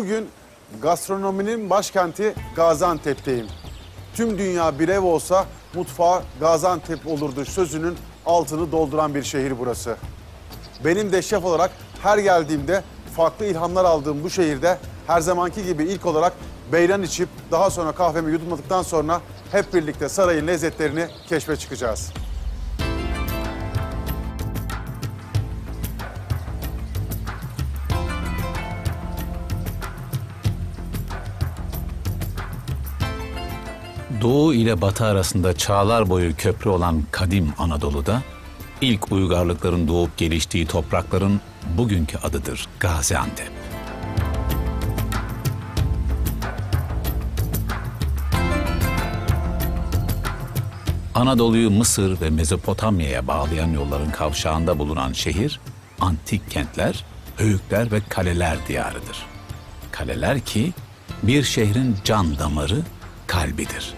Bugün gastronominin başkenti Gaziantep'teyim. Tüm dünya bir ev olsa mutfağı Gaziantep olurdu sözünün altını dolduran bir şehir burası. Benim de şef olarak her geldiğimde farklı ilhamlar aldığım bu şehirde her zamanki gibi ilk olarak beyran içip daha sonra kahvemi yudumladıktan sonra hep birlikte sarayın lezzetlerini keşfe çıkacağız. doğu ile batı arasında çağlar boyu köprü olan kadim Anadolu'da ilk uygarlıkların doğup geliştiği toprakların bugünkü adıdır Gaziantep. Anadolu'yu Mısır ve Mezopotamya'ya bağlayan yolların kavşağında bulunan şehir, antik kentler, höyükler ve kaleler diyarıdır. Kaleler ki bir şehrin can damarı kalbidir.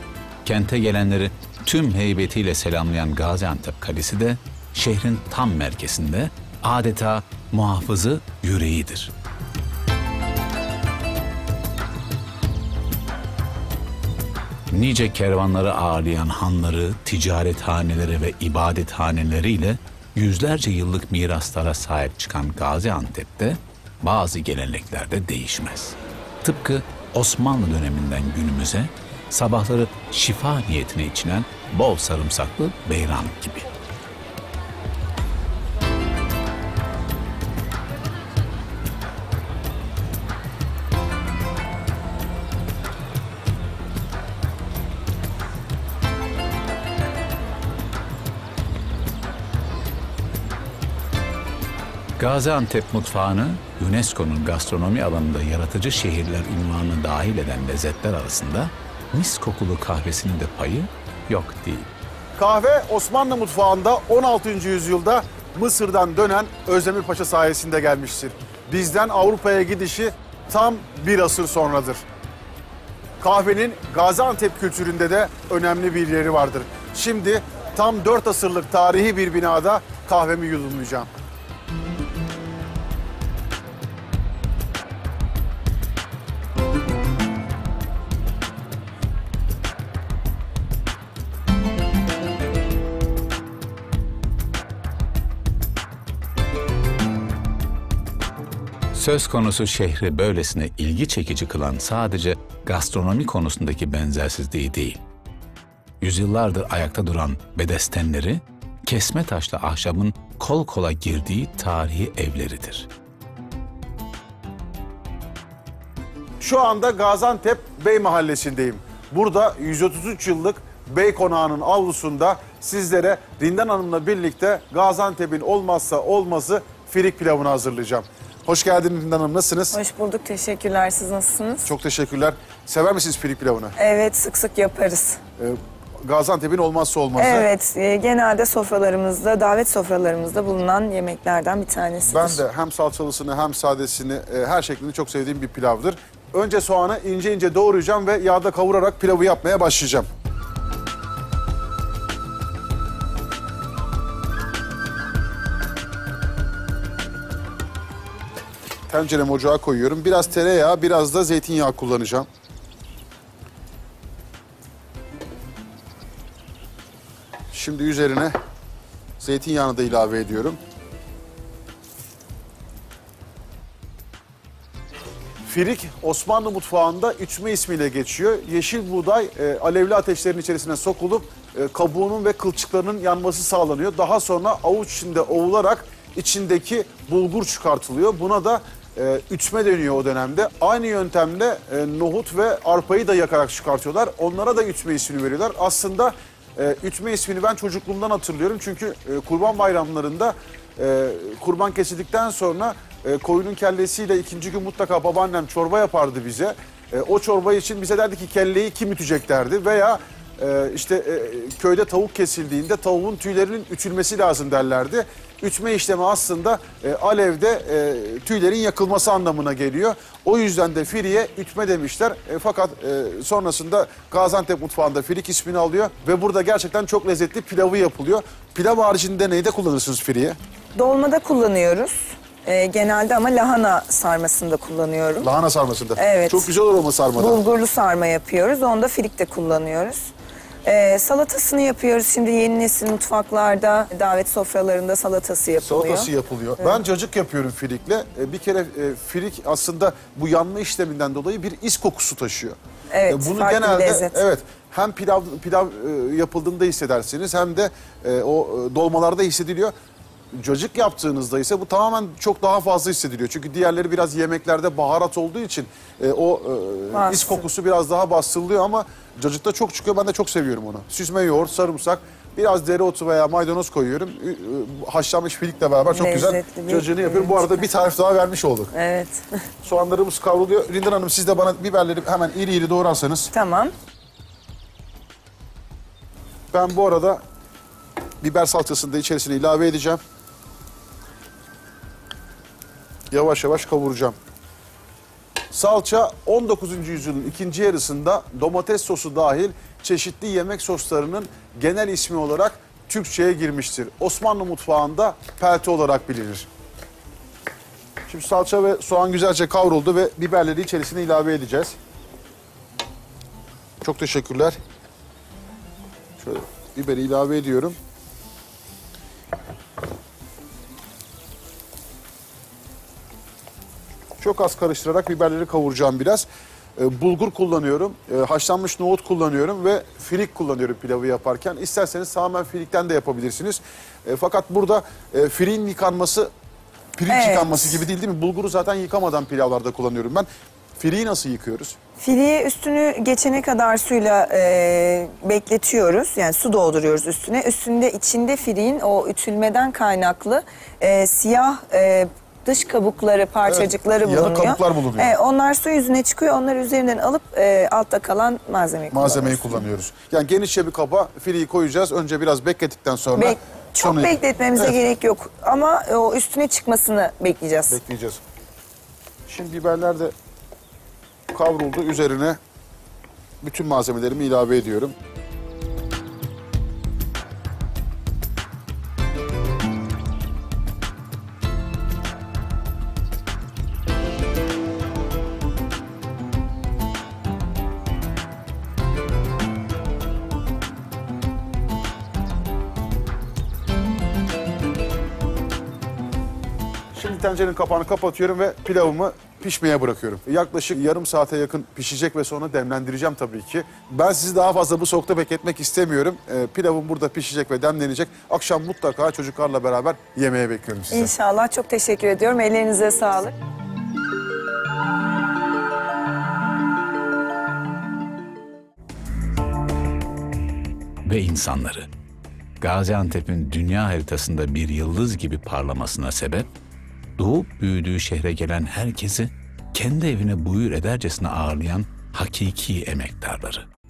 Kente gelenleri tüm heybetiyle selamlayan Gaziantep Kalesi de şehrin tam merkezinde adeta muhafızı yüreğidir. Nice kervanları ağırlayan hanları, ticaret ticarethaneleri ve ibadet ibadethaneleriyle yüzlerce yıllık miraslara sahip çıkan Gaziantep'te bazı geleneklerde değişmez. Tıpkı Osmanlı döneminden günümüze sabahları şifa niyetine içilen bol sarımsaklı beyran gibi. Gaziantep mutfağını UNESCO'nun gastronomi alanında yaratıcı şehirler unvanını dahil eden lezzetler arasında mis kokulu kahvesinin de payı yok değil. Kahve Osmanlı mutfağında 16. yüzyılda Mısır'dan dönen Özdemir Paşa sayesinde gelmiştir. Bizden Avrupa'ya gidişi tam bir asır sonradır. Kahvenin Gaziantep kültüründe de önemli bir yeri vardır. Şimdi tam 4 asırlık tarihi bir binada kahvemi yudumlayacağım. Söz konusu şehri böylesine ilgi çekici kılan sadece gastronomi konusundaki benzersizliği değil. Yüzyıllardır ayakta duran bedestenleri, kesme taşlı ahşabın kol kola girdiği tarihi evleridir. Şu anda Gaziantep Bey Mahallesi'ndeyim. Burada 133 yıllık Bey Konağı'nın avlusunda sizlere Rindan Hanım'la birlikte Gaziantep'in olmazsa olmazı firik pilavını hazırlayacağım. Hoş geldiniz Linda Hanım. Nasılsınız? Hoş bulduk. Teşekkürler. Siz nasılsınz? Çok teşekkürler. Sever misiniz pirinç pilavını? Evet, sık sık yaparız. Ee, Gaziantep'in olmazsa olmazı. Evet, e, genelde sofralarımızda, davet sofralarımızda bulunan yemeklerden bir tanesidir. Ben de hem salçalısını hem sadesini, e, her şeklini çok sevdiğim bir pilavdır. Önce soğanı ince ince doğrayacağım ve yağda kavurarak pilavı yapmaya başlayacağım. tenceremi ocağa koyuyorum. Biraz tereyağı, biraz da zeytinyağı kullanacağım. Şimdi üzerine zeytinyağını da ilave ediyorum. Firik Osmanlı mutfağında üçme ismiyle geçiyor. Yeşil buğday e, alevli ateşlerin içerisine sokulup e, kabuğunun ve kılçıklarının yanması sağlanıyor. Daha sonra avuç içinde ovularak içindeki bulgur çıkartılıyor. Buna da e, üçme dönüyor o dönemde. Aynı yöntemle e, nohut ve arpayı da yakarak çıkartıyorlar. Onlara da üçme ismini veriyorlar. Aslında e, üçme ismini ben çocukluğumdan hatırlıyorum. Çünkü e, kurban bayramlarında e, kurban kesildikten sonra e, koyunun kellesiyle ikinci gün mutlaka babaannem çorba yapardı bize. E, o çorba için bize derdi ki kelleyi kim ütecek derdi veya ee, işte e, köyde tavuk kesildiğinde tavuğun tüylerinin ütülmesi lazım derlerdi. Ütme işlemi aslında e, alevde e, tüylerin yakılması anlamına geliyor. O yüzden de Firi'ye ütme demişler. fakat sonrasında Gaziantep mutfağında Firik ismini alıyor ve burada gerçekten çok lezzetli pilavı yapılıyor. Pilav haricinde neyde kullanırsınız Firi'ye? Dolmada kullanıyoruz. genelde ama lahana sarmasında kullanıyorum. Lahana sarmasında. Evet. Çok güzel olur ama sarmada. Bulgurlu sarma yapıyoruz. Onda filik de kullanıyoruz. Ee, salatasını yapıyoruz şimdi yeni nesil mutfaklarda davet sofralarında salatası yapılıyor. Salatası yapılıyor. Ben cacık yapıyorum firikle. Ee, Bir kere e, firik aslında bu yanma işleminden dolayı bir is kokusu taşıyor. Evet, Ee, farklı bir lezzet. evet hem pilav pilav e, yapıldığında hissedersiniz hem de e, o e, dolmalarda hissediliyor cacık yaptığınızda ise bu tamamen çok daha fazla hissediliyor. Çünkü diğerleri biraz yemeklerde baharat olduğu için e, o e, is kokusu biraz daha bastırılıyor ama cacıkta çok çıkıyor. Ben de çok seviyorum onu. Süzme yoğurt, sarımsak, biraz dereotu veya maydanoz koyuyorum. Haşlanmış filikle beraber çok Lezzetli güzel cacığını yapıyorum. Bu arada bir tarif daha vermiş olduk. Evet. Soğanlarımız kavruluyor. Rindan Hanım siz de bana biberleri hemen iri iri doğrarsanız. Tamam. Ben bu arada biber salçasını da içerisine ilave edeceğim yavaş yavaş kavuracağım. Salça 19. yüzyılın ikinci yarısında domates sosu dahil çeşitli yemek soslarının genel ismi olarak Türkçe'ye girmiştir. Osmanlı mutfağında pelte olarak bilinir. Şimdi salça ve soğan güzelce kavruldu ve biberleri içerisine ilave edeceğiz. Çok teşekkürler. Şöyle biberi ilave ediyorum. Çok az karıştırarak biberleri kavuracağım biraz. E, bulgur kullanıyorum, e, haşlanmış nohut kullanıyorum ve filik kullanıyorum pilavı yaparken. İsterseniz tamamen filikten de yapabilirsiniz. E, fakat burada e, filiğin yıkanması pirinç evet. yıkanması gibi değil değil mi? Bulguru zaten yıkamadan pilavlarda kullanıyorum ben. Filiği nasıl yıkıyoruz? Filiği üstünü geçene kadar suyla e, bekletiyoruz. Yani su dolduruyoruz üstüne. Üstünde içinde filin o ütülmeden kaynaklı e, siyah e, dış kabukları, parçacıkları evet, bulunuyor. Yarı kabuklar bulunuyor. Evet, onlar su yüzüne çıkıyor. Onları üzerinden alıp e, altta kalan malzemeyi, malzemeyi kullanıyoruz. Yani genişçe bir kaba filiyi koyacağız. Önce biraz beklettikten sonra... Bek çok sonra... bekletmemize evet. gerek yok. Ama e, o üstüne çıkmasını bekleyeceğiz. Bekleyeceğiz. Şimdi biberler de kavruldu. Üzerine bütün malzemelerimi ilave ediyorum. tencerenin kapağını kapatıyorum ve pilavımı pişmeye bırakıyorum. Yaklaşık yarım saate yakın pişecek ve sonra demlendireceğim tabii ki. Ben sizi daha fazla bu soğukta bekletmek istemiyorum. Ee, pilavım burada pişecek ve demlenecek. Akşam mutlaka çocuklarla beraber yemeğe bekliyorum sizi. İnşallah çok teşekkür ediyorum. Ellerinize sağlık. Ve insanları. Gaziantep'in dünya haritasında bir yıldız gibi parlamasına sebep doğup büyüdüğü şehre gelen herkesi kendi evine buyur edercesine ağırlayan hakiki emektarları.